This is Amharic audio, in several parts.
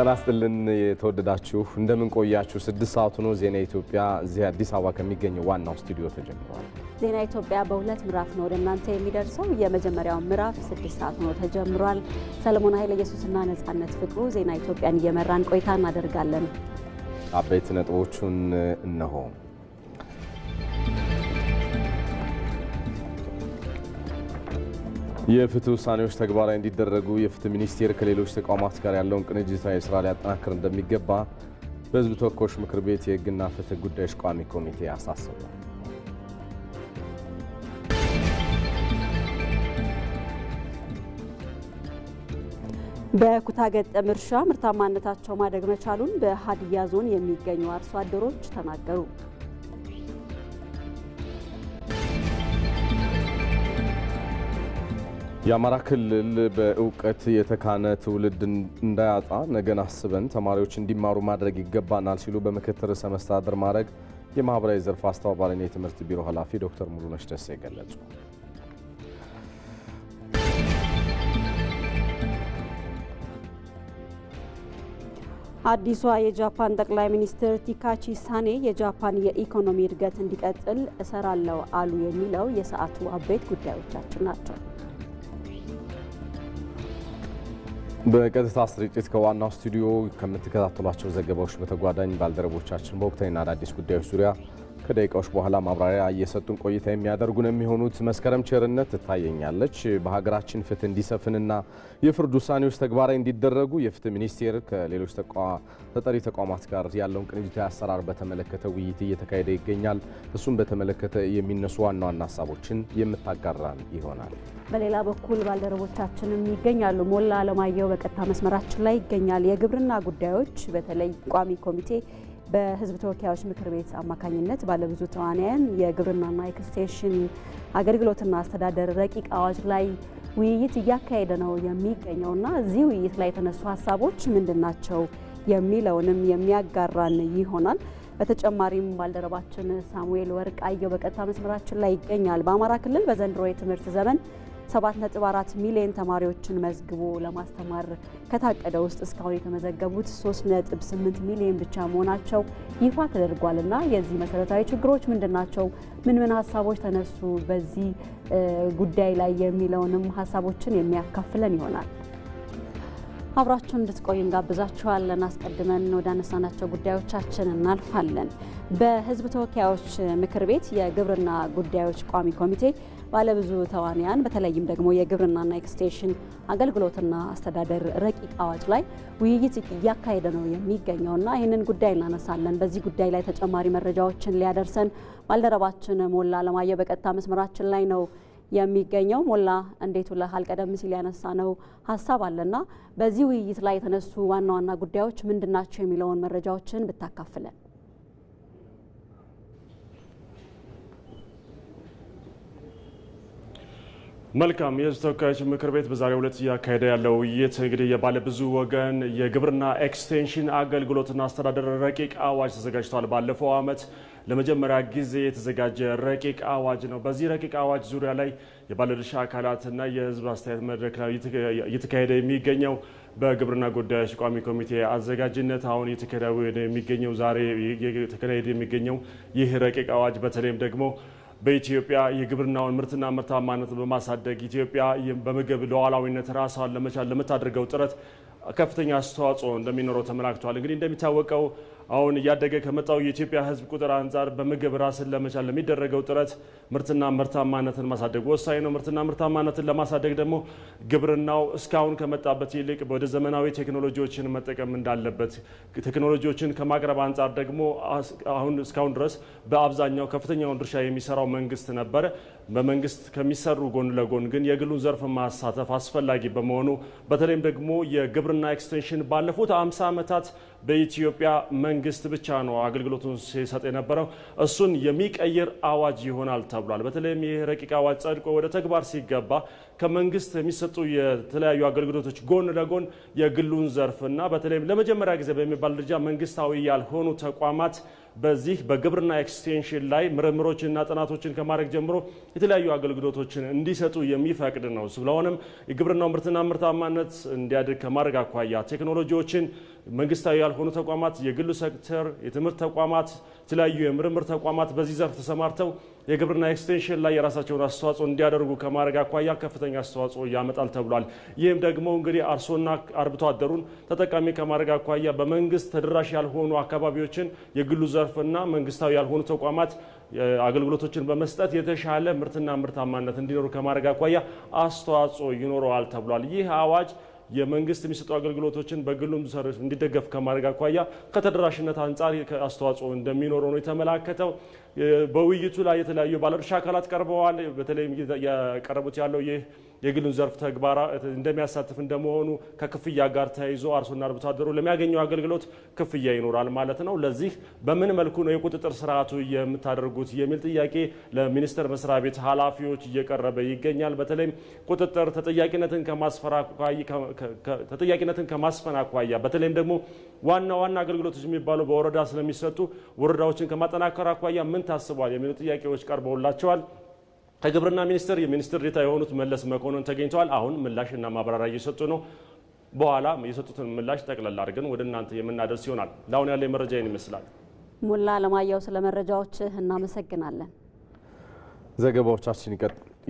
ጤና ይስጥልን የተወደዳችሁ እንደምን ቆያችሁ? ስድስት ሰዓቱ ነው። ዜና ኢትዮጵያ እዚህ አዲስ አበባ ከሚገኘው ዋናው ስቱዲዮ ተጀምሯል። ዜና ኢትዮጵያ በሁለት ምዕራፍ ነው ወደ እናንተ የሚደርሰው። የመጀመሪያው ምዕራፍ ስድስት ሰዓት ነው ተጀምሯል። ሰለሞን ኃይለ ኢየሱስና ነጻነት ፍቅሩ ዜና ኢትዮጵያን እየመራን ቆይታ እናደርጋለን። አበይት ነጥቦቹን እነሆ። የፍትህ ውሳኔዎች ተግባራዊ እንዲደረጉ የፍትህ ሚኒስቴር ከሌሎች ተቋማት ጋር ያለውን ቅንጅታዊ ስራ ሊያጠናክር እንደሚገባ በህዝብ ተወካዮች ምክር ቤት የህግና ፍትህ ጉዳዮች ቋሚ ኮሚቴ አሳሰበ። በኩታ ገጠም እርሻ ምርታማነታቸው ማደግ መቻሉን በሀዲያ ዞን የሚገኙ አርሶ አደሮች ተናገሩ። የአማራ ክልል በእውቀት የተካነ ትውልድ እንዳያጣ ነገን አስበን ተማሪዎች እንዲማሩ ማድረግ ይገባናል ሲሉ በምክትል ርዕሰ መስተዳድር የማህበራዊ ዘርፍ አስተባባሪና የትምህርት ቢሮ ኃላፊ ዶክተር ሙሉነሽ ደሴ ገለጹ። አዲሷ የጃፓን ጠቅላይ ሚኒስትር ቲካቺ ሳኔ የጃፓን የኢኮኖሚ እድገት እንዲቀጥል እሰራለሁ አሉ። የሚለው የሰዓቱ አበይት ጉዳዮቻችን ናቸው። በቀጥታ ስርጭት ከዋናው ስቱዲዮ ከምትከታተሏቸው ዘገባዎች በተጓዳኝ ባልደረቦቻችን በወቅታዊና አዳዲስ ጉዳዮች ዙሪያ ከደቂቃዎች በኋላ ማብራሪያ እየሰጡን ቆይታ የሚያደርጉ የሚሆኑት። መስከረም ቸርነት ትታየኛለች። በሀገራችን ፍትህ እንዲሰፍንና የፍርድ ውሳኔዎች ተግባራዊ እንዲደረጉ የፍትህ ሚኒስቴር ከሌሎች ተጠሪ ተቋማት ጋር ያለውን ቅንጅታዊ አሰራር በተመለከተ ውይይት እየተካሄደ ይገኛል። እሱም በተመለከተ የሚነሱ ዋና ዋና ሀሳቦችን የምታጋራን ይሆናል። በሌላ በኩል ባልደረቦቻችንም ይገኛሉ። ሞላ አለማየሁ በቀጥታ መስመራችን ላይ ይገኛል። የግብርና ጉዳዮች በተለይ ቋሚ ኮሚቴ በህዝብ ተወካዮች ምክር ቤት አማካኝነት ባለብዙ ተዋንያን የግብርናና የክስቴሽን አገልግሎትና አስተዳደር ረቂቅ አዋጅ ላይ ውይይት እያካሄደ ነው የሚገኘውና እዚህ ውይይት ላይ የተነሱ ሀሳቦች ምንድን ናቸው የሚለውንም የሚያጋራን ይሆናል። በተጨማሪም ባልደረባችን ሳሙኤል ወርቃየው በቀጥታ መስመራችን ላይ ይገኛል። በአማራ ክልል በዘንድሮ የትምህርት ዘመን 7.4 ሚሊዮን ተማሪዎችን መዝግቦ ለማስተማር ከታቀደ ውስጥ እስካሁን የተመዘገቡት 3.8 ሚሊዮን ብቻ መሆናቸው ይፋ ተደርጓል። እና የዚህ መሰረታዊ ችግሮች ምንድን ናቸው? ምን ምን ሀሳቦች ተነሱ በዚህ ጉዳይ ላይ የሚለውንም ሀሳቦችን የሚያካፍለን ይሆናል። አብራችሁን እንድትቆዩ እንጋብዛችኋለን። አስቀድመን ወደ አነሳናቸው ጉዳዮቻችን እናልፋለን። በሕዝብ ተወካዮች ምክር ቤት የግብርና ጉዳዮች ቋሚ ኮሚቴ ባለብዙ ተዋንያን በተለይም ደግሞ የግብርናና ኤክስቴንሽን አገልግሎትና አስተዳደር ረቂቅ አዋጅ ላይ ውይይት እያካሄደ ነው የሚገኘው እና ይህንን ጉዳይ እናነሳለን። በዚህ ጉዳይ ላይ ተጨማሪ መረጃዎችን ሊያደርሰን ባልደረባችን ሞላ አለማየሁ በቀጥታ መስመራችን ላይ ነው የሚገኘው ሞላ እንዴት ውለሃል? ቀደም ሲል ያነሳ ነው ሀሳብ አለና በዚህ ውይይት ላይ የተነሱ ዋና ዋና ጉዳዮች ምንድናቸው የሚለውን መረጃዎችን ብታካፍለን መልካም የህዝብ ተወካዮች ምክር ቤት በዛሬው ዕለት እያካሄደ ያለው ውይይት እንግዲህ የባለብዙ ወገን የግብርና ኤክስቴንሽን አገልግሎትና አስተዳደር ረቂቅ አዋጅ ተዘጋጅቷል። ባለፈው ዓመት ለመጀመሪያ ጊዜ የተዘጋጀ ረቂቅ አዋጅ ነው። በዚህ ረቂቅ አዋጅ ዙሪያ ላይ የባለድርሻ አካላትና የህዝብ አስተያየት መድረክ ነው እየተካሄደ የሚገኘው በግብርና ጉዳዮች ቋሚ ኮሚቴ አዘጋጅነት አሁን የተካሄደ የሚገኘው ዛሬ የተካሄደ የሚገኘው ይህ ረቂቅ አዋጅ በተለይም ደግሞ በኢትዮጵያ የግብርናውን ምርትና ምርታማነት በማሳደግ ኢትዮጵያ በምግብ ሉዓላዊነት ራሷን ለመቻል ለምታደርገው ጥረት ከፍተኛ አስተዋጽኦ እንደሚኖረው ተመላክቷል። እንግዲህ እንደሚታወቀው አሁን እያደገ ከመጣው የኢትዮጵያ ሕዝብ ቁጥር አንጻር በምግብ ራስን ለመቻል ለሚደረገው ጥረት ምርትና ምርታማነትን ማሳደግ ወሳኝ ነው። ምርትና ምርታማነትን ለማሳደግ ደግሞ ግብርናው እስካሁን ከመጣበት ይልቅ ወደ ዘመናዊ ቴክኖሎጂዎችን መጠቀም እንዳለበት፣ ቴክኖሎጂዎችን ከማቅረብ አንጻር ደግሞ አሁን እስካሁን ድረስ በአብዛኛው ከፍተኛውን ድርሻ የሚሰራው መንግስት ነበረ። በመንግስት ከሚሰሩ ጎን ለጎን ግን የግሉን ዘርፍ ማሳተፍ አስፈላጊ በመሆኑ በተለይም ደግሞ የግብርና ኤክስቴንሽን ባለፉት አምሳ ዓመታት በኢትዮጵያ መንግስት ብቻ ነው አገልግሎቱን ሲሰጥ የነበረው። እሱን የሚቀይር አዋጅ ይሆናል ተብሏል። በተለይም ይህ ረቂቅ አዋጅ ጸድቆ ወደ ተግባር ሲገባ ከመንግስት የሚሰጡ የተለያዩ አገልግሎቶች ጎን ለጎን የግሉን እና በተለይም ለመጀመሪያ ጊዜ በሚባል ደረጃ መንግስታዊ ያልሆኑ ተቋማት በዚህ በግብርና ኤክስቴንሽን ላይ ምርምሮችንና ጥናቶችን ከማድረግ ጀምሮ የተለያዩ አገልግሎቶችን እንዲሰጡ የሚፈቅድ ነው። ስለሆነም የግብርናው ምርትና ምርታማነት እንዲያድግ ከማድረግ አኳያ ቴክኖሎጂዎችን መንግስታዊ ያልሆኑ ተቋማት፣ የግሉ ሴክተር፣ የትምህርት ተቋማት፣ የተለያዩ የምርምር ተቋማት በዚህ ዘርፍ ተሰማርተው የግብርና ኤክስቴንሽን ላይ የራሳቸውን አስተዋጽኦ እንዲያደርጉ ከማድረግ አኳያ ከፍተኛ አስተዋጽኦ ያመጣል ተብሏል። ይህም ደግሞ እንግዲህ አርሶና አርብቶ አደሩን ተጠቃሚ ከማድረግ አኳያ በመንግስት ተደራሽ ያልሆኑ አካባቢዎችን የግሉ ዘርፍና መንግስታዊ ያልሆኑ ተቋማት አገልግሎቶችን በመስጠት የተሻለ ምርትና ምርታማነት እንዲኖሩ ከማድረግ አኳያ አስተዋጽኦ ይኖረዋል ተብሏል። ይህ አዋጅ የመንግስት የሚሰጡ አገልግሎቶችን በግሉም ዘርፍ እንዲደገፍ ከማድረግ አኳያ ከተደራሽነት አንጻር አስተዋጽኦ እንደሚኖረው ነው የተመላከተው። በውይይቱ ላይ የተለያዩ ባለድርሻ አካላት ቀርበዋል። በተለይም የቀረቡት ያለው ይህ የግሉን ዘርፍ ተግባር እንደሚያሳትፍ እንደመሆኑ ከክፍያ ጋር ተያይዞ አርሶና አርብቶ አደሩ ለሚያገኘው አገልግሎት ክፍያ ይኖራል ማለት ነው። ለዚህ በምን መልኩ ነው የቁጥጥር ስርዓቱ የምታደርጉት የሚል ጥያቄ ለሚኒስቴር መስሪያ ቤት ኃላፊዎች እየቀረበ ይገኛል። በተለይም ቁጥጥር ተጠያቂነትን ከማስፈን አኳያ በተለይም ደግሞ ዋና ዋና አገልግሎቶች የሚባሉ በወረዳ ስለሚሰጡ ወረዳዎችን ከማጠናከር አኳያ ምን ታስቧል የሚሉ ጥያቄዎች ቀርበውላቸዋል። ከግብርና ሚኒስቴር የሚኒስትር ዴኤታ የሆኑት መለስ መኮንን ተገኝተዋል። አሁን ምላሽና ማብራሪያ እየሰጡ ነው። በኋላ የሰጡትን ምላሽ ጠቅለል አድርገን ወደ እናንተ የምናደርስ ይሆናል። ለአሁን ያለ መረጃ ይህን ይመስላል። ሙላ አለማየሁ፣ ስለ መረጃዎች እናመሰግናለን። ዘገባዎቻችን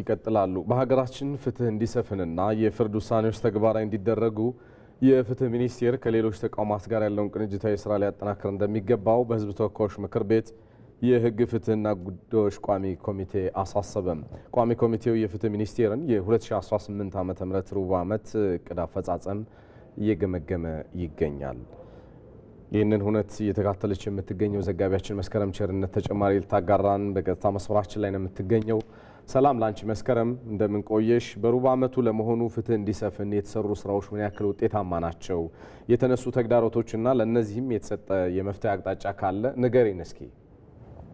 ይቀጥላሉ። በሀገራችን ፍትህ እንዲሰፍንና የፍርድ ውሳኔዎች ተግባራዊ እንዲደረጉ የፍትህ ሚኒስቴር ከሌሎች ተቋማት ጋር ያለውን ቅንጅታዊ ስራ ሊያጠናክር እንደሚገባው በህዝብ ተወካዮች ምክር ቤት የህግ ፍትህና ጉዳዮች ቋሚ ኮሚቴ አሳሰበም። ቋሚ ኮሚቴው የፍትህ ሚኒስቴርን የ2018 ዓ ም ሩብ ዓመት እቅድ አፈጻጸም እየገመገመ ይገኛል። ይህንን ሁነት እየተካተለች የምትገኘው ዘጋቢያችን መስከረም ቸርነት ተጨማሪ ልታጋራን በቀጥታ መስመራችን ላይ ነው የምትገኘው። ሰላም ላንቺ መስከረም፣ እንደምንቆየሽ። በሩብ ዓመቱ ለመሆኑ ፍትህ እንዲሰፍን የተሰሩ ስራዎች ምን ያክል ውጤታማ ናቸው? የተነሱ ተግዳሮቶችና ለእነዚህም የተሰጠ የመፍትሄ አቅጣጫ ካለ ንገሪን እስኪ።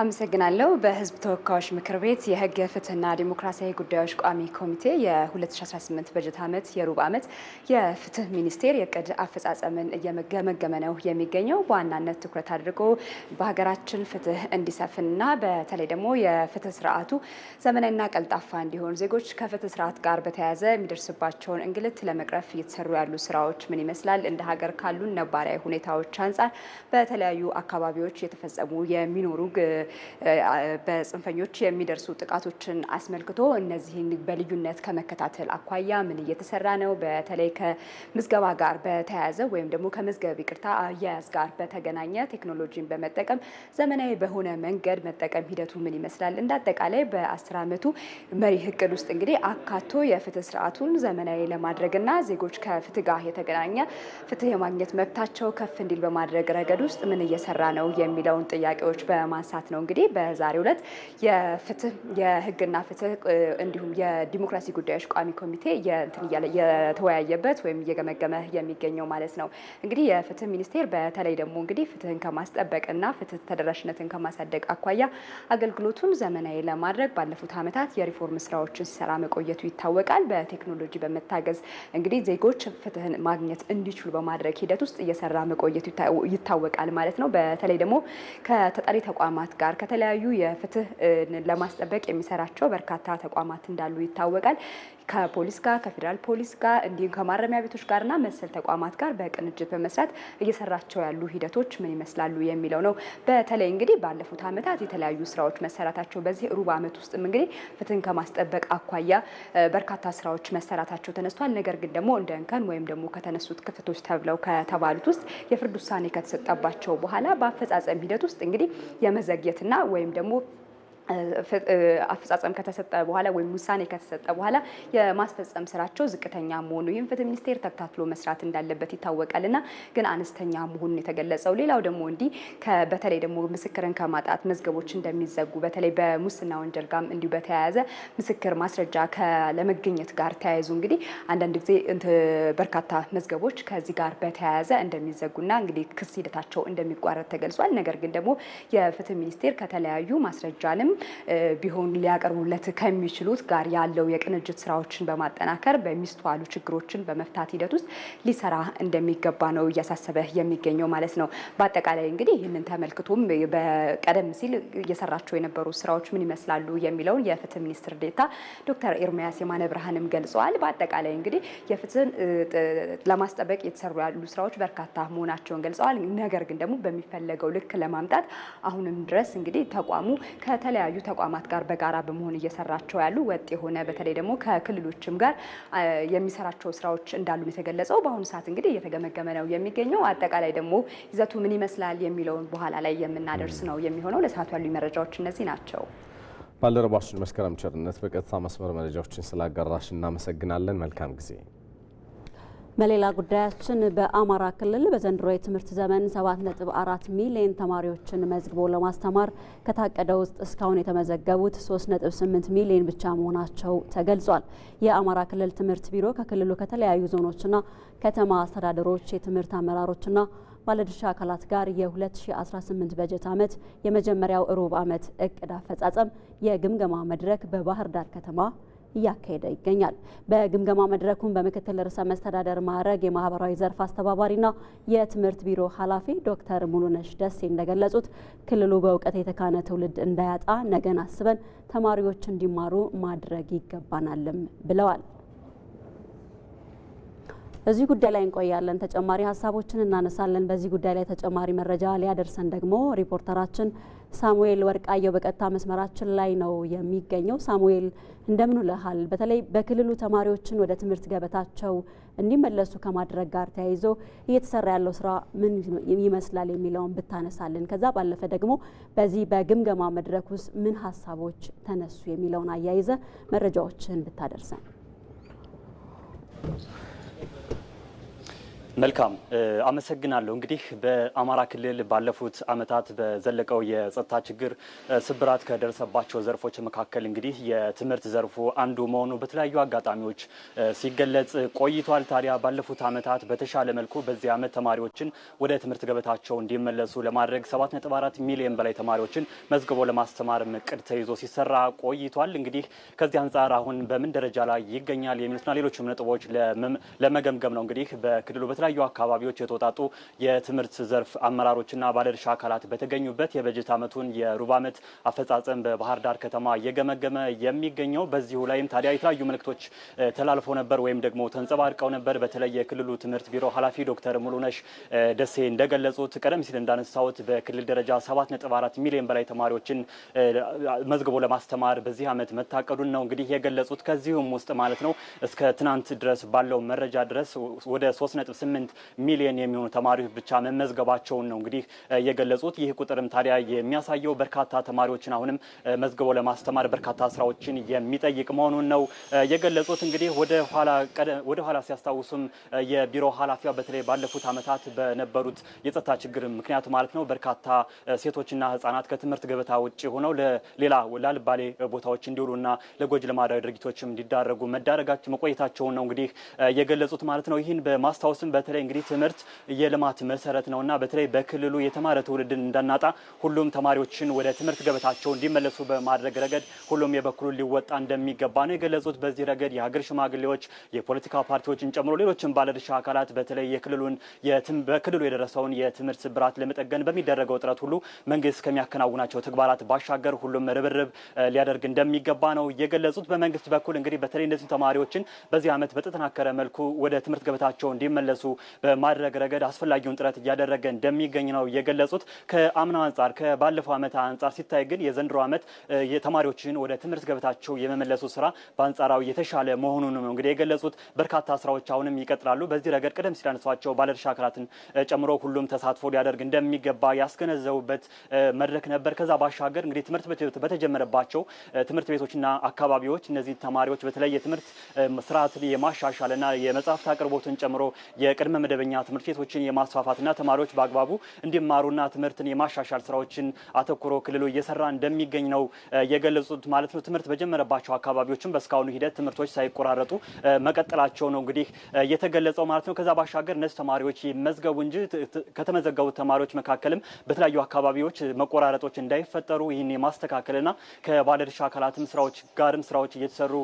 አመሰግናለሁ። በህዝብ ተወካዮች ምክር ቤት የህግ ፍትህና ዲሞክራሲያዊ ጉዳዮች ቋሚ ኮሚቴ የ2018 በጀት ዓመት የሩብ ዓመት የፍትህ ሚኒስቴር የቅድ አፈጻጸምን እየገመገመ ነው የሚገኘው። በዋናነት ትኩረት አድርጎ በሀገራችን ፍትህ እንዲሰፍንና በተለይ ደግሞ የፍትህ ስርዓቱ ዘመናዊና ቀልጣፋ እንዲሆን ዜጎች ከፍትህ ስርዓት ጋር በተያያዘ የሚደርስባቸውን እንግልት ለመቅረፍ እየተሰሩ ያሉ ስራዎች ምን ይመስላል፣ እንደ ሀገር ካሉ ነባራዊ ሁኔታዎች አንጻር በተለያዩ አካባቢዎች የተፈጸሙ የሚኖሩ በጽንፈኞች የሚደርሱ ጥቃቶችን አስመልክቶ እነዚህን በልዩነት ከመከታተል አኳያ ምን እየተሰራ ነው? በተለይ ከምዝገባ ጋር በተያያዘ ወይም ደግሞ ከምዝገብ ይቅርታ አያያዝ ጋር በተገናኘ ቴክኖሎጂን በመጠቀም ዘመናዊ በሆነ መንገድ መጠቀም ሂደቱ ምን ይመስላል? እንደ አጠቃላይ በአስር ዓመቱ መሪ እቅድ ውስጥ እንግዲህ አካቶ የፍትህ ስርዓቱን ዘመናዊ ለማድረግና ዜጎች ከፍትህ ጋር የተገናኘ ፍትህ የማግኘት መብታቸው ከፍ እንዲል በማድረግ ረገድ ውስጥ ምን እየሰራ ነው የሚለውን ጥያቄዎች በማንሳት ነው። እንግዲህ በዛሬው ዕለት የፍትህ የህግና ፍትህ እንዲሁም የዲሞክራሲ ጉዳዮች ቋሚ ኮሚቴ የተወያየበት ወይም እየገመገመ የሚገኘው ማለት ነው። እንግዲህ የፍትህ ሚኒስቴር በተለይ ደግሞ እንግዲህ ፍትህን ከማስጠበቅና ፍትህ ተደራሽነትን ከማሳደግ አኳያ አገልግሎቱን ዘመናዊ ለማድረግ ባለፉት ዓመታት የሪፎርም ስራዎችን ሲሰራ መቆየቱ ይታወቃል። በቴክኖሎጂ በመታገዝ እንግዲህ ዜጎች ፍትህን ማግኘት እንዲችሉ በማድረግ ሂደት ውስጥ እየሰራ መቆየቱ ይታወቃል ማለት ነው። በተለይ ደግሞ ከተጠሪ ተቋማት ጋር ከተለያዩ የፍትህ ለማስጠበቅ የሚሰራቸው በርካታ ተቋማት እንዳሉ ይታወቃል። ከፖሊስ ጋር ከፌዴራል ፖሊስ ጋር እንዲሁም ከማረሚያ ቤቶች ጋርና መሰል ተቋማት ጋር በቅንጅት በመስራት እየሰራቸው ያሉ ሂደቶች ምን ይመስላሉ የሚለው ነው። በተለይ እንግዲህ ባለፉት ዓመታት የተለያዩ ስራዎች መሰራታቸው በዚህ ሩብ ዓመት ውስጥም እንግዲህ ፍትህን ከማስጠበቅ አኳያ በርካታ ስራዎች መሰራታቸው ተነስቷል። ነገር ግን ደግሞ እንደ እንከን ወይም ደግሞ ከተነሱት ክፍቶች ተብለው ከተባሉት ውስጥ የፍርድ ውሳኔ ከተሰጠባቸው በኋላ በአፈጻጸም ሂደት ውስጥ እንግዲህ የመዘግየትና ወይም ደግሞ አፈጻጸም ከተሰጠ በኋላ ወይም ውሳኔ ከተሰጠ በኋላ የማስፈጸም ስራቸው ዝቅተኛ መሆኑ ይህም ፍትህ ሚኒስቴር ተከታትሎ መስራት እንዳለበት ይታወቃል እና ግን አነስተኛ መሆኑን የተገለጸው። ሌላው ደግሞ እንዲህ በተለይ ደግሞ ምስክርን ከማጣት መዝገቦች እንደሚዘጉ በተለይ በሙስና ወንጀል ጋር እንዲሁ በተያያዘ ምስክር ማስረጃ ከለመገኘት ጋር ተያይዙ እንግዲህ አንዳንድ ጊዜ በርካታ መዝገቦች ከዚህ ጋር በተያያዘ እንደሚዘጉና እንግዲህ ክስ ሂደታቸው እንደሚቋረጥ ተገልጿል። ነገር ግን ደግሞ የፍትህ ሚኒስቴር ከተለያዩ ማስረጃንም ቢሆን ሊያቀርቡለት ከሚችሉት ጋር ያለው የቅንጅት ስራዎችን በማጠናከር በሚስተዋሉ ችግሮችን በመፍታት ሂደት ውስጥ ሊሰራ እንደሚገባ ነው እያሳሰበ የሚገኘው ማለት ነው። በአጠቃላይ እንግዲህ ይህንን ተመልክቶም በቀደም ሲል እየሰራቸው የነበሩ ስራዎች ምን ይመስላሉ የሚለውን የፍትህ ሚኒስትር ዴታ ዶክተር ኤርሚያስ የማነ ብርሃንም ገልጸዋል። በአጠቃላይ እንግዲህ የፍትህን ለማስጠበቅ የተሰሩ ያሉ ስራዎች በርካታ መሆናቸውን ገልጸዋል። ነገር ግን ደግሞ በሚፈለገው ልክ ለማምጣት አሁንም ድረስ እንግዲህ ተቋሙ ከተለያዩ ከተለያዩ ተቋማት ጋር በጋራ በመሆን እየሰራቸው ያሉ ወጥ የሆነ በተለይ ደግሞ ከክልሎችም ጋር የሚሰራቸው ስራዎች እንዳሉ የተገለጸው በአሁኑ ሰዓት እንግዲህ እየተገመገመ ነው የሚገኘው። አጠቃላይ ደግሞ ይዘቱ ምን ይመስላል የሚለውን በኋላ ላይ የምናደርስ ነው የሚሆነው። ለሰዓቱ ያሉ መረጃዎች እነዚህ ናቸው። ባልደረባችን መስከረም ቸርነት በቀጥታ መስመር መረጃዎችን ስላጋራሽ እናመሰግናለን። መልካም ጊዜ በሌላ ጉዳያችን በአማራ ክልል በዘንድሮ የትምህርት ዘመን 7.4 ሚሊዮን ተማሪዎችን መዝግቦ ለማስተማር ከታቀደ ውስጥ እስካሁን የተመዘገቡት 3.8 ሚሊዮን ብቻ መሆናቸው ተገልጿል። የአማራ ክልል ትምህርት ቢሮ ከክልሉ ከተለያዩ ዞኖችና ከተማ አስተዳደሮች የትምህርት አመራሮችና ባለድርሻ አካላት ጋር የ2018 በጀት ዓመት የመጀመሪያው ሩብ ዓመት እቅድ አፈጻጸም የግምገማ መድረክ በባህር ዳር ከተማ እያካሄደ ይገኛል። በግምገማ መድረኩን በምክትል ርዕሰ መስተዳደር ማዕረግ የማህበራዊ ዘርፍ አስተባባሪና የትምህርት ቢሮ ኃላፊ ዶክተር ሙሉነሽ ደሴ እንደገለጹት ክልሉ በእውቀት የተካነ ትውልድ እንዳያጣ ነገን አስበን ተማሪዎች እንዲማሩ ማድረግ ይገባናልም ብለዋል። በዚህ ጉዳይ ላይ እንቆያለን፣ ተጨማሪ ሀሳቦችን እናነሳለን። በዚህ ጉዳይ ላይ ተጨማሪ መረጃ ሊያደርሰን ደግሞ ሪፖርተራችን ሳሙኤል ወርቃየው በቀጥታ መስመራችን ላይ ነው የሚገኘው። ሳሙኤል እንደምን ውለሃል? በተለይ በክልሉ ተማሪዎችን ወደ ትምህርት ገበታቸው እንዲመለሱ ከማድረግ ጋር ተያይዞ እየተሰራ ያለው ስራ ምን ይመስላል የሚለውን ብታነሳልን፣ ከዛ ባለፈ ደግሞ በዚህ በግምገማ መድረክ ውስጥ ምን ሀሳቦች ተነሱ የሚለውን አያይዘ መረጃዎችን ብታደርሰን። መልካም አመሰግናለሁ። እንግዲህ በአማራ ክልል ባለፉት ዓመታት በዘለቀው የጸጥታ ችግር ስብራት ከደረሰባቸው ዘርፎች መካከል እንግዲህ የትምህርት ዘርፉ አንዱ መሆኑ በተለያዩ አጋጣሚዎች ሲገለጽ ቆይቷል። ታዲያ ባለፉት ዓመታት በተሻለ መልኩ በዚህ ዓመት ተማሪዎችን ወደ ትምህርት ገበታቸው እንዲመለሱ ለማድረግ 7.4 ሚሊዮን በላይ ተማሪዎችን መዝግቦ ለማስተማር እቅድ ተይዞ ሲሰራ ቆይቷል። እንግዲህ ከዚህ አንጻር አሁን በምን ደረጃ ላይ ይገኛል የሚሉትና ሌሎችም ነጥቦች ለመገምገም ነው እንግዲህ በክልሉ ከተለያዩ አካባቢዎች የተወጣጡ የትምህርት ዘርፍ አመራሮችና ባለድርሻ አካላት በተገኙበት የበጀት ዓመቱን የሩብ ዓመት አፈጻጸም በባህር ዳር ከተማ እየገመገመ የሚገኘው በዚሁ ላይም ታዲያ የተለያዩ መልእክቶች ተላልፎ ነበር ወይም ደግሞ ተንጸባርቀው ነበር። በተለይ የክልሉ ትምህርት ቢሮ ኃላፊ ዶክተር ሙሉነሽ ደሴ እንደገለጹት ቀደም ሲል እንዳነሳሁት በክልል ደረጃ 7.4 ሚሊዮን በላይ ተማሪዎችን መዝግቦ ለማስተማር በዚህ ዓመት መታቀዱን ነው እንግዲህ የገለጹት። ከዚሁም ውስጥ ማለት ነው እስከ ትናንት ድረስ ባለው መረጃ ድረስ ወደ 3.8 18 ሚሊዮን የሚሆኑ ተማሪዎች ብቻ መመዝገባቸውን ነው እንግዲህ የገለጹት። ይህ ቁጥርም ታዲያ የሚያሳየው በርካታ ተማሪዎችን አሁንም መዝግበው ለማስተማር በርካታ ስራዎችን የሚጠይቅ መሆኑን ነው የገለጹት። እንግዲህ ወደ ኋላ ሲያስታውሱም የቢሮ ኃላፊዋ በተለይ ባለፉት ዓመታት በነበሩት የጸጥታ ችግር ምክንያት ማለት ነው በርካታ ሴቶችና ህጻናት ከትምህርት ገበታ ውጭ ሆነው ሌላ ላልባሌ ቦታዎች እንዲውሉና ለጎጂ ልማዳዊ ድርጊቶችም እንዲዳረጉ መዳረጋቸው መቆየታቸውን ነው እንግዲህ የገለጹት ማለት ነው። ይህን በማስታወስም በተለይ እንግዲህ ትምህርት የልማት መሰረት ነውና በተለይ በክልሉ የተማረ ትውልድን እንዳናጣ ሁሉም ተማሪዎችን ወደ ትምህርት ገበታቸው እንዲመለሱ በማድረግ ረገድ ሁሉም የበኩሉን ሊወጣ እንደሚገባ ነው የገለጹት። በዚህ ረገድ የሀገር ሽማግሌዎች፣ የፖለቲካ ፓርቲዎችን ጨምሮ ሌሎችን ባለድርሻ አካላት በተለይ የክልሉን በክልሉ የደረሰውን የትምህርት ስብራት ለመጠገን በሚደረገው ጥረት ሁሉ መንግስት ከሚያከናውናቸው ተግባራት ባሻገር ሁሉም ርብርብ ሊያደርግ እንደሚገባ ነው የገለጹት። በመንግስት በኩል እንግዲህ በተለይ እነዚህ ተማሪዎችን በዚህ ዓመት በተጠናከረ መልኩ ወደ ትምህርት ገበታቸው እንዲመለሱ በማድረግ ረገድ አስፈላጊውን ጥረት እያደረገ እንደሚገኝ ነው የገለጹት። ከአምናው አንጻር ከባለፈው ዓመት አንጻር ሲታይ ግን የዘንድሮ ዓመት ተማሪዎችን ወደ ትምህርት ገበታቸው የመመለሱ ስራ በአንጻራዊ የተሻለ መሆኑን ነው እንግዲህ የገለጹት። በርካታ ስራዎች አሁንም ይቀጥላሉ። በዚህ ረገድ ቀደም ሲል ያነሷቸው ባለድርሻ አካላትን ጨምሮ ሁሉም ተሳትፎ ሊያደርግ እንደሚገባ ያስገነዘቡበት መድረክ ነበር። ከዛ ባሻገር እንግዲህ ትምህርት በተጀመረባቸው ትምህርት ቤቶችና አካባቢዎች እነዚህ ተማሪዎች በተለይ የትምህርት ስርዓት የማሻሻልና የመጽሐፍት አቅርቦትን ጨምሮ የቅድመ መደበኛ ትምህርት ቤቶችን የማስፋፋትና ተማሪዎች በአግባቡ እንዲማሩና ትምህርትን የማሻሻል ስራዎችን አተኩሮ ክልሉ እየሰራ እንደሚገኝ ነው የገለጹት ማለት ነው። ትምህርት በጀመረባቸው አካባቢዎችም በእስካሁኑ ሂደት ትምህርቶች ሳይቆራረጡ መቀጠላቸው ነው እንግዲህ የተገለጸው ማለት ነው። ከዛ ባሻገር እነዚህ ተማሪዎች ይመዝገቡ እንጂ ከተመዘገቡት ተማሪዎች መካከልም በተለያዩ አካባቢዎች መቆራረጦች እንዳይፈጠሩ ይህን የማስተካከልና ከባለድርሻ አካላትም ስራዎች ጋርም ስራዎች እየተሰሩ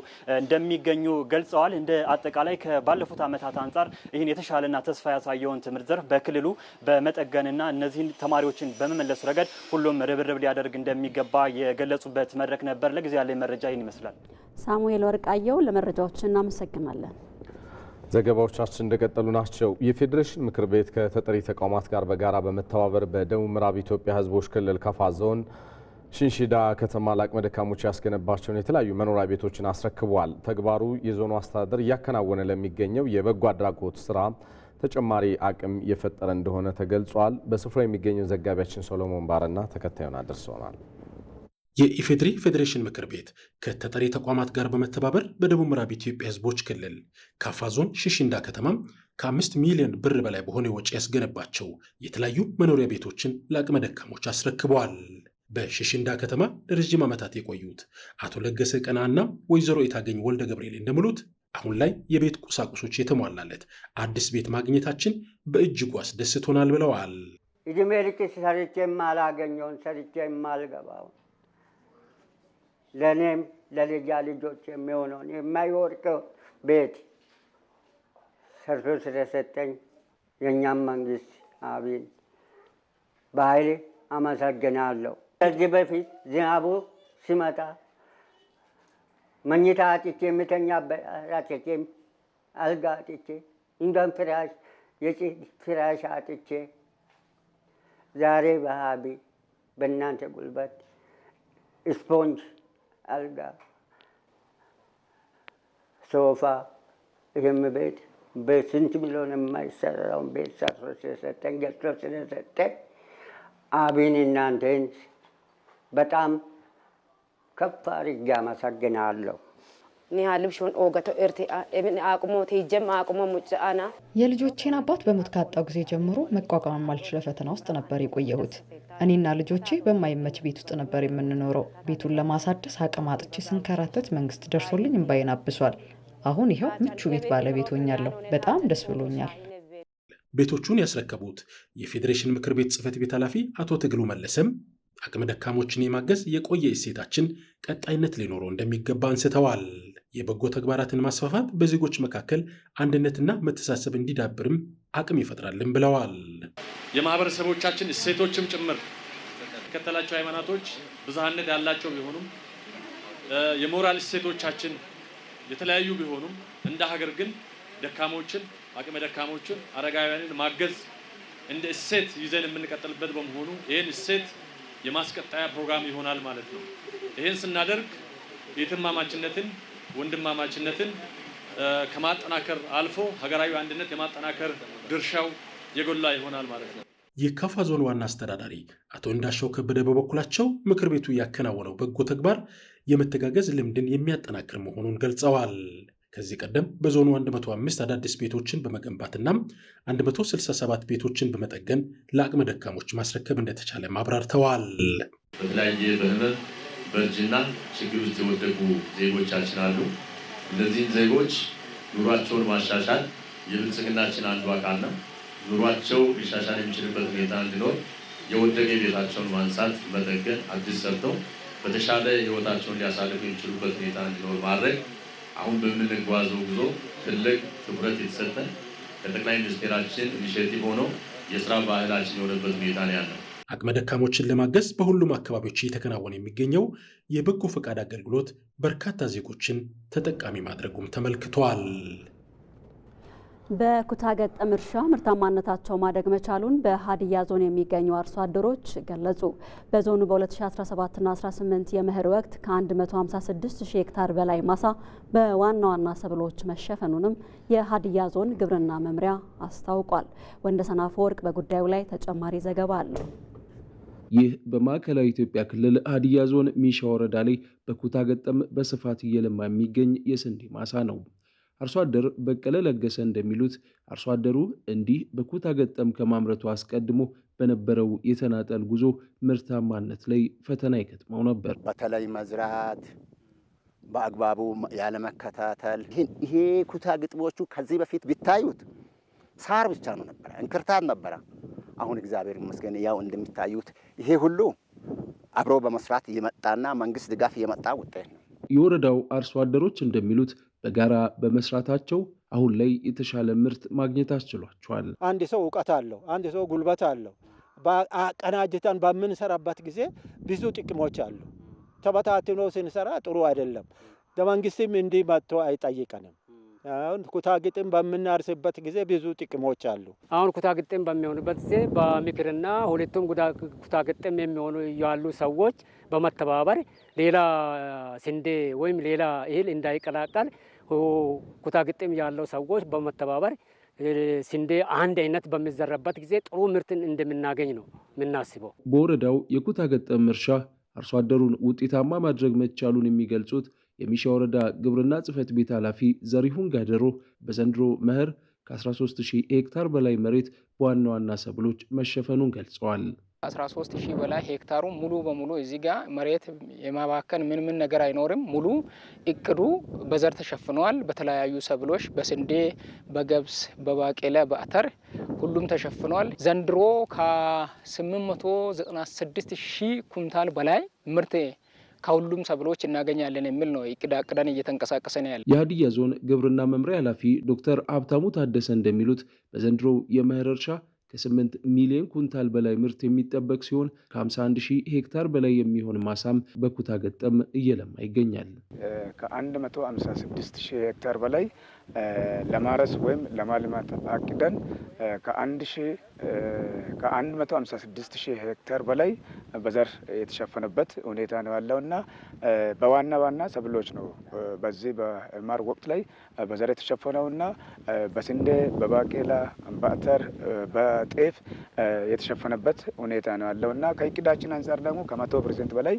እንደሚገኙ ገልጸዋል። እንደ አጠቃላይ ከባለፉት ዓመታት አንጻር ይህን የተሻለ የተሻለና ተስፋ ያሳየውን ትምህርት ዘርፍ በክልሉ በመጠገንና እነዚህን ተማሪዎችን በመመለሱ ረገድ ሁሉም ርብርብ ሊያደርግ እንደሚገባ የገለጹበት መድረክ ነበር። ለጊዜ ያለ መረጃ ይህን ይመስላል። ሳሙኤል ወርቃየው ለመረጃዎች እናመሰግናለን። ዘገባዎቻችን እንደቀጠሉ ናቸው። የፌዴሬሽን ምክር ቤት ከተጠሪ ተቋማት ጋር በጋራ በመተባበር በደቡብ ምዕራብ ኢትዮጵያ ሕዝቦች ክልል ካፋ ዞን ሽንሺዳ ከተማ ለአቅመ ደካሞች ያስገነባቸውን የተለያዩ መኖሪያ ቤቶችን አስረክቧል። ተግባሩ የዞኑ አስተዳደር እያከናወነ ለሚገኘው የበጎ አድራጎት ስራ ተጨማሪ አቅም የፈጠረ እንደሆነ ተገልጿል። በስፍራው የሚገኘው ዘጋቢያችን ሶሎሞን ባርና ተከታዩን አድርሶናል። የኢፌድሪ ፌዴሬሽን ምክር ቤት ከተጠሪ ተቋማት ጋር በመተባበር በደቡብ ምዕራብ ኢትዮጵያ ህዝቦች ክልል ካፋ ዞን ሽሽንዳ ከተማም ከአምስት ሚሊዮን ብር በላይ በሆነ ወጪ ያስገነባቸው የተለያዩ መኖሪያ ቤቶችን ለአቅመ ደካሞች አስረክበዋል። በሽሽንዳ ከተማ ለረዥም ዓመታት የቆዩት አቶ ለገሰ ቀናና ወይዘሮ የታገኝ ወልደ ገብርኤል እንደሚሉት አሁን ላይ የቤት ቁሳቁሶች የተሟላለት አዲስ ቤት ማግኘታችን በእጅጉ አስደስቶናል ብለዋል። እድሜ ልክ ሰርቼ የማላገኘውን ሰርቼ የማልገባውን ለእኔም ለልጃ ልጆች የሚሆነውን የማይወርቅ ቤት ሰርቶ ስለሰጠኝ የእኛም መንግስት አብን በኃይሌ አመሰግናለሁ። ከዚህ በፊት ዝናቡ ሲመጣ መኝታ አጥቼ የምተኛበት አጥቼ አልጋ አጥቼ እንደም ፍራሽ የጭ ፍራሽ አጥቼ ዛሬ በሀቢ በእናንተ ጉልበት ስፖንጅ አልጋ ሶፋ ይህም ቤት በስንት ሚሊዮን የማይሰራውን ቤት ሰርቶ ስለሰጠኝ ገዝቶ ስለሰጠኝ አቢን እናንተን በጣም ከፍ አድርጌ አመሰግናለሁ። የልጆቼን አባት በሞት ካጣው ጊዜ ጀምሮ መቋቋም የማልችለው ፈተና ውስጥ ነበር የቆየሁት። እኔና ልጆቼ በማይመች ቤት ውስጥ ነበር የምንኖረው። ቤቱን ለማሳደስ አቅም አጥቼ ስንከራተት መንግስት ደርሶልኝ እምባዬን አብሷል። አሁን ይኸው ምቹ ቤት ባለቤት ሆኛለሁ። በጣም ደስ ብሎኛል። ቤቶቹን ያስረከቡት የፌዴሬሽን ምክር ቤት ጽህፈት ቤት ኃላፊ አቶ ትግሉ መለሰም አቅመ ደካሞችን የማገዝ የቆየ እሴታችን ቀጣይነት ሊኖረው እንደሚገባ አንስተዋል። የበጎ ተግባራትን ማስፋፋት በዜጎች መካከል አንድነትና መተሳሰብ እንዲዳብርም አቅም ይፈጥራልን ብለዋል። የማህበረሰቦቻችን እሴቶችም ጭምር የተከተላቸው ሃይማኖቶች ብዝሃነት ያላቸው ቢሆኑም የሞራል እሴቶቻችን የተለያዩ ቢሆኑም እንደ ሀገር ግን ደካሞችን፣ አቅመ ደካሞችን፣ አረጋውያንን ማገዝ እንደ እሴት ይዘን የምንቀጥልበት በመሆኑ ይህን እሴት የማስቀጣያ ፕሮግራም ይሆናል ማለት ነው። ይህን ስናደርግ የትማማችነትን ወንድማማችነትን ከማጠናከር አልፎ ሀገራዊ አንድነት የማጠናከር ድርሻው የጎላ ይሆናል ማለት ነው። የካፋ ዞን ዋና አስተዳዳሪ አቶ እንዳሻው ከበደ በበኩላቸው ምክር ቤቱ ያከናወነው በጎ ተግባር የመተጋገዝ ልምድን የሚያጠናክር መሆኑን ገልጸዋል። ከዚህ ቀደም በዞኑ 105 አዳዲስ ቤቶችን በመገንባትና 167 ቤቶችን በመጠገን ለአቅመ ደካሞች ማስረከብ እንደተቻለ ማብራርተዋል። በተለያየ በህመም በእርጅና ችግር ውስጥ የወደቁ ዜጎቻችን አሉ። እነዚህን ዜጎች ኑሯቸውን ማሻሻል የብልጽግናችን አንዱ አካል ነው። ኑሯቸው ሊሻሻል የሚችልበት ሁኔታ እንዲኖር የወደቀ ቤታቸውን ማንሳት፣ መጠገን፣ አዲስ ሰርተው በተሻለ ህይወታቸውን ሊያሳልፉ የሚችሉበት ሁኔታ እንዲኖር ማድረግ አሁን በምንጓዘው ጉዞ ትልቅ ትኩረት የተሰጠ ከጠቅላይ ሚኒስቴራችን ኢኒሼቲቭ ሆኖ የስራ ባህላችን የሆነበት ሁኔታ ነው ያለው። አቅመ ደካሞችን ለማገዝ በሁሉም አካባቢዎች እየተከናወነ የሚገኘው የበጎ ፈቃድ አገልግሎት በርካታ ዜጎችን ተጠቃሚ ማድረጉም ተመልክቷል። በኩታ ገጠም እርሻ ምርታማነታቸው ማደግ መቻሉን በሀዲያ ዞን የሚገኙ አርሶ አደሮች ገለጹ። በዞኑ በ2017ና 18 የመኸር ወቅት ከ156 ሺህ ሄክታር በላይ ማሳ በዋና ዋና ሰብሎች መሸፈኑንም የሀዲያ ዞን ግብርና መምሪያ አስታውቋል። ወንደሰን ወርቅ በጉዳዩ ላይ ተጨማሪ ዘገባ አለው። ይህ በማዕከላዊ ኢትዮጵያ ክልል ሀዲያ ዞን ሚሻ ወረዳ ላይ በኩታ ገጠም በስፋት እየለማ የሚገኝ የስንዴ ማሳ ነው። አርሶ አደር በቀለ ለገሰ እንደሚሉት አርሶ አደሩ እንዲህ በኩታ ገጠም ከማምረቱ አስቀድሞ በነበረው የተናጠል ጉዞ ምርታማነት ላይ ፈተና ይገጥመው ነበር። በተለይ መዝራት በአግባቡ ያለመከታተል። ይሄ ኩታ ግጥሞቹ ከዚህ በፊት ቢታዩት ሳር ብቻ ነው ነበረ፣ እንክርታት ነበረ። አሁን እግዚአብሔር ይመስገን ያው እንደሚታዩት ይሄ ሁሉ አብሮ በመስራት እየመጣና መንግስት ድጋፍ እየመጣ ውጤት ነው። የወረዳው አርሶ አደሮች እንደሚሉት በጋራ በመስራታቸው አሁን ላይ የተሻለ ምርት ማግኘት አስችሏቸዋል። አንድ ሰው እውቀት አለው፣ አንድ ሰው ጉልበት አለው። አቀናጅተን በምንሰራበት ጊዜ ብዙ ጥቅሞች አሉ። ተበታትኖ ስንሰራ ጥሩ አይደለም። ለመንግስትም እንዲህ መጥቶ አይጠይቀንም። አሁን ኩታግጥም በምናርስበት ጊዜ ብዙ ጥቅሞች አሉ። አሁን ኩታግጥም በሚሆኑበት ጊዜ በምክርና ሁለቱም ኩታግጥም የሚሆኑ ያሉ ሰዎች በመተባበር ሌላ ስንዴ ወይም ሌላ እህል እንዳይቀላቀል ኩታግጥም ያለው ሰዎች በመተባበር ስንዴ አንድ አይነት በሚዘረበት ጊዜ ጥሩ ምርትን እንደምናገኝ ነው የምናስበው። በወረዳው የኩታ እርሻ አርሶ አደሩን ውጤታማ ማድረግ መቻሉን የሚገልጹት የሚሻ ወረዳ ግብርና ጽሕፈት ቤት ኃላፊ ዘሪሁን ጋደሮ በዘንድሮ መኸር ከ13000 ሄክታር በላይ መሬት በዋና ዋና ሰብሎች መሸፈኑን ገልጸዋል። 13 ሺህ በላይ ሄክታሩ ሙሉ በሙሉ እዚህ ጋር መሬት የማባከን ምን ምን ነገር አይኖርም። ሙሉ እቅዱ በዘር ተሸፍነዋል። በተለያዩ ሰብሎች በስንዴ፣ በገብስ፣ በባቄለ በአተር ሁሉም ተሸፍኗል። ዘንድሮ ከ896 ሺህ ኩንታል በላይ ምርት ከሁሉም ሰብሎች እናገኛለን የሚል ነው እቅድ አቅደን እየተንቀሳቀሰ ነው ያለ። የሀዲያ ዞን ግብርና መምሪያ ኃላፊ ዶክተር አብታሙ ታደሰ እንደሚሉት በዘንድሮው የመኸር እርሻ ከ8 ሚሊዮን ኩንታል በላይ ምርት የሚጠበቅ ሲሆን ከ51 ሺህ ሄክታር በላይ የሚሆን ማሳም በኩታ ገጠም እየለማ ይገኛል። ከ156 ሺህ ሄክታር በላይ ለማረስ ወይም ለማልማት አቅደን ከ156 ሺህ ሄክታር በላይ በዘር የተሸፈነበት ሁኔታ ነው ያለው እና በዋና ዋና ሰብሎች ነው በዚህ በማር ወቅት ላይ በዘር የተሸፈነው እና በስንዴ፣ በባቄላ፣ በአተር፣ በጤፍ የተሸፈነበት ሁኔታ ነው ያለው እና ከእቅዳችን አንጻር ደግሞ ከመቶ ፐርሰንት በላይ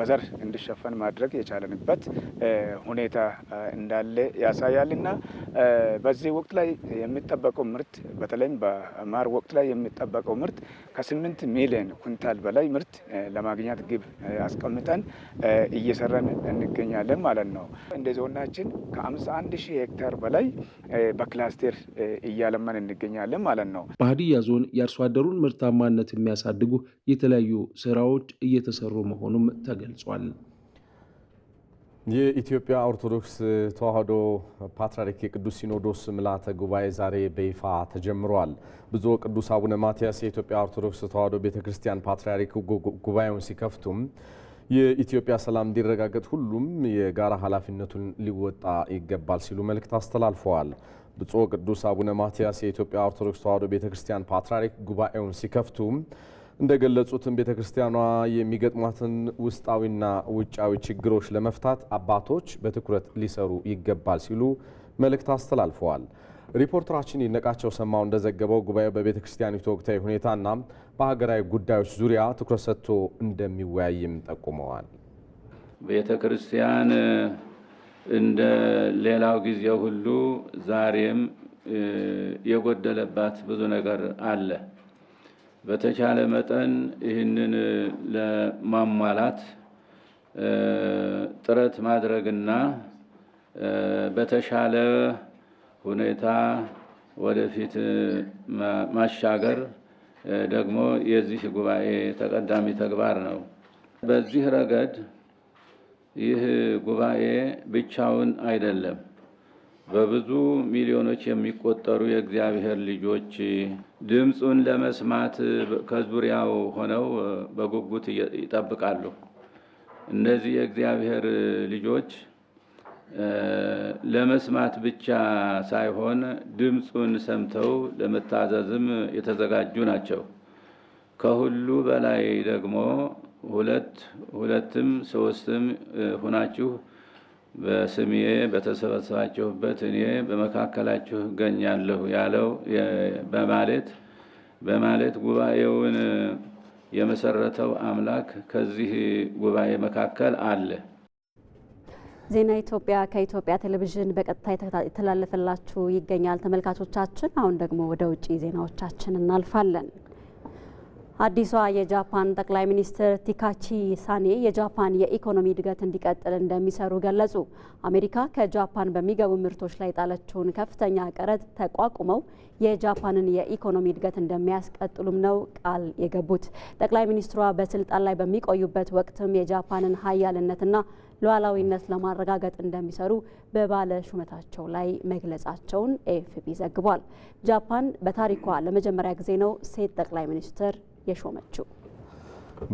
በዘር እንዲሸፈን ማድረግ የቻለንበት ሁኔታ እንዳለ ያሳያልና እና በዚህ ወቅት ላይ የሚጠበቀው ምርት በተለይም በማር ወቅት ላይ የሚጠበቀው ምርት ከስምንት ሚሊዮን ኩንታል በላይ ምርት ለማግኘት ግብ አስቀምጠን እየሰራን እንገኛለን ማለት ነው። እንደ ዞናችን ከ51 ሺህ ሄክታር በላይ በክላስተር እያለማን እንገኛለን ማለት ነው። በሀዲያ ዞን የአርሶ አደሩን ምርታማነት የሚያሳድጉ የተለያዩ ስራዎች እየተሰሩ መሆኑም ተገልጿል። የኢትዮጵያ ኦርቶዶክስ ተዋሕዶ ፓትርያርክ የቅዱስ ሲኖዶስ ምልዓተ ጉባኤ ዛሬ በይፋ ተጀምሯል። ብፁዕ ወቅዱስ አቡነ ማትያስ የኢትዮጵያ ኦርቶዶክስ ተዋሕዶ ቤተ ክርስቲያን ፓትርያርክ ጉባኤውን ሲከፍቱም የኢትዮጵያ ሰላም እንዲረጋገጥ ሁሉም የጋራ ኃላፊነቱን ሊወጣ ይገባል ሲሉ መልእክት አስተላልፈዋል። ብፁዕ ወቅዱስ አቡነ ማትያስ የኢትዮጵያ ኦርቶዶክስ ተዋሕዶ ቤተ ክርስቲያን ፓትርያርክ ጉባኤውን ሲከፍቱም እንደገለጹትም ቤተ ክርስቲያኗ የሚገጥሟትን ውስጣዊና ውጫዊ ችግሮች ለመፍታት አባቶች በትኩረት ሊሰሩ ይገባል ሲሉ መልእክት አስተላልፈዋል። ሪፖርተራችን ይነቃቸው ሰማው እንደዘገበው ጉባኤው በቤተ ክርስቲያኒቱ ወቅታዊ ሁኔታና በሀገራዊ ጉዳዮች ዙሪያ ትኩረት ሰጥቶ እንደሚወያይም ጠቁመዋል። ቤተ ክርስቲያን እንደ ሌላው ጊዜ ሁሉ ዛሬም የጎደለባት ብዙ ነገር አለ። በተቻለ መጠን ይህንን ለማሟላት ጥረት ማድረግና በተሻለ ሁኔታ ወደፊት ማሻገር ደግሞ የዚህ ጉባኤ ተቀዳሚ ተግባር ነው። በዚህ ረገድ ይህ ጉባኤ ብቻውን አይደለም። በብዙ ሚሊዮኖች የሚቆጠሩ የእግዚአብሔር ልጆች ድምፁን ለመስማት ከዙሪያው ሆነው በጉጉት ይጠብቃሉ። እነዚህ የእግዚአብሔር ልጆች ለመስማት ብቻ ሳይሆን ድምፁን ሰምተው ለመታዘዝም የተዘጋጁ ናቸው። ከሁሉ በላይ ደግሞ ሁለት ሁለትም ሶስትም ሁናችሁ በስሜ በተሰበሰባችሁበት እኔ በመካከላችሁ እገኛለሁ ያለው በማለት በማለት ጉባኤውን የመሰረተው አምላክ ከዚህ ጉባኤ መካከል አለ። ዜና ኢትዮጵያ ከኢትዮጵያ ቴሌቪዥን በቀጥታ የተላለፈላችሁ ይገኛል ተመልካቾቻችን። አሁን ደግሞ ወደ ውጭ ዜናዎቻችን እናልፋለን። አዲሷ የጃፓን ጠቅላይ ሚኒስትር ቲካቺ ሳኔ የጃፓን የኢኮኖሚ እድገት እንዲቀጥል እንደሚሰሩ ገለጹ። አሜሪካ ከጃፓን በሚገቡ ምርቶች ላይ ጣለችውን ከፍተኛ ቀረጥ ተቋቁመው የጃፓንን የኢኮኖሚ እድገት እንደሚያስቀጥሉም ነው ቃል የገቡት። ጠቅላይ ሚኒስትሯ በስልጣን ላይ በሚቆዩበት ወቅትም የጃፓንን ሀያልነትና ሉዓላዊነት ለማረጋገጥ እንደሚሰሩ በባለ ሹመታቸው ላይ መግለጻቸውን ኤፍቢ ዘግቧል። ጃፓን በታሪኳ ለመጀመሪያ ጊዜ ነው ሴት ጠቅላይ ሚኒስትር የሾመችው።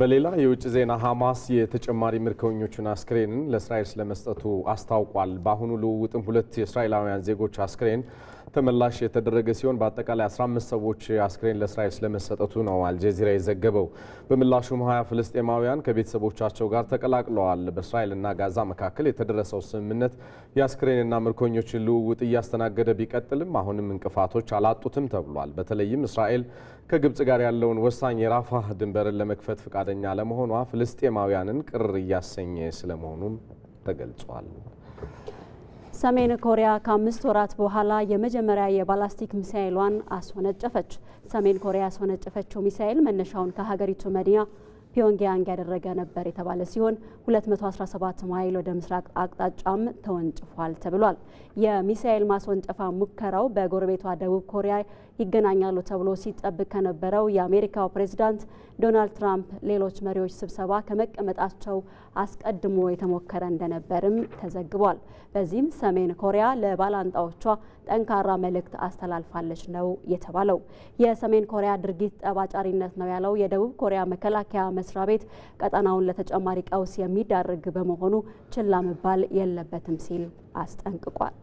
በሌላ የውጭ ዜና ሐማስ የተጨማሪ ምርኮኞቹን አስክሬን ለእስራኤል ስለመስጠቱ አስታውቋል። በአሁኑ ልውውጥም ሁለት የእስራኤላውያን ዜጎች አስክሬን ተመላሽ የተደረገ ሲሆን በአጠቃላይ 15 ሰዎች አስክሬን ለእስራኤል ስለመሰጠቱ ነው አልጀዚራ የዘገበው። በምላሹም ሀያ ፍልስጤማውያን ከቤተሰቦቻቸው ጋር ተቀላቅለዋል። በእስራኤልና ጋዛ መካከል የተደረሰው ስምምነት የአስክሬንና ምርኮኞችን ልውውጥ እያስተናገደ ቢቀጥልም አሁንም እንቅፋቶች አላጡትም ተብሏል። በተለይም እስራኤል ከግብጽ ጋር ያለውን ወሳኝ የራፋህ ድንበርን ለመክፈት ፈቃደኛ ለመሆኗ ፍልስጤማውያንን ቅር እያሰኘ ስለመሆኑም ተገልጿል። ሰሜን ኮሪያ ከአምስት ወራት በኋላ የመጀመሪያ የባላስቲክ ሚሳይሏን አስወነጨፈች። ሰሜን ኮሪያ ያስወነጨፈችው ሚሳይል መነሻውን ከሀገሪቱ መዲና ፒዮንግያንግ ያደረገ ነበር የተባለ ሲሆን 217 ማይል ወደ ምስራቅ አቅጣጫም ተወንጭፏል ተብሏል። የሚሳኤል ማስወንጨፋ ሙከራው በጎረቤቷ ደቡብ ኮሪያ ይገናኛሉ ተብሎ ሲጠብቅ ከነበረው የአሜሪካው ፕሬዚዳንት ዶናልድ ትራምፕ ሌሎች መሪዎች ስብሰባ ከመቀመጣቸው አስቀድሞ የተሞከረ እንደነበርም ተዘግቧል። በዚህም ሰሜን ኮሪያ ለባላንጣዎቿ ጠንካራ መልእክት አስተላልፋለች ነው የተባለው። የሰሜን ኮሪያ ድርጊት ጠባጫሪነት ነው ያለው የደቡብ ኮሪያ መከላከያ መስሪያ ቤት ቀጠናውን ለተጨማሪ ቀውስ የሚዳርግ በመሆኑ ችላ መባል የለበትም ሲል አስጠንቅቋል።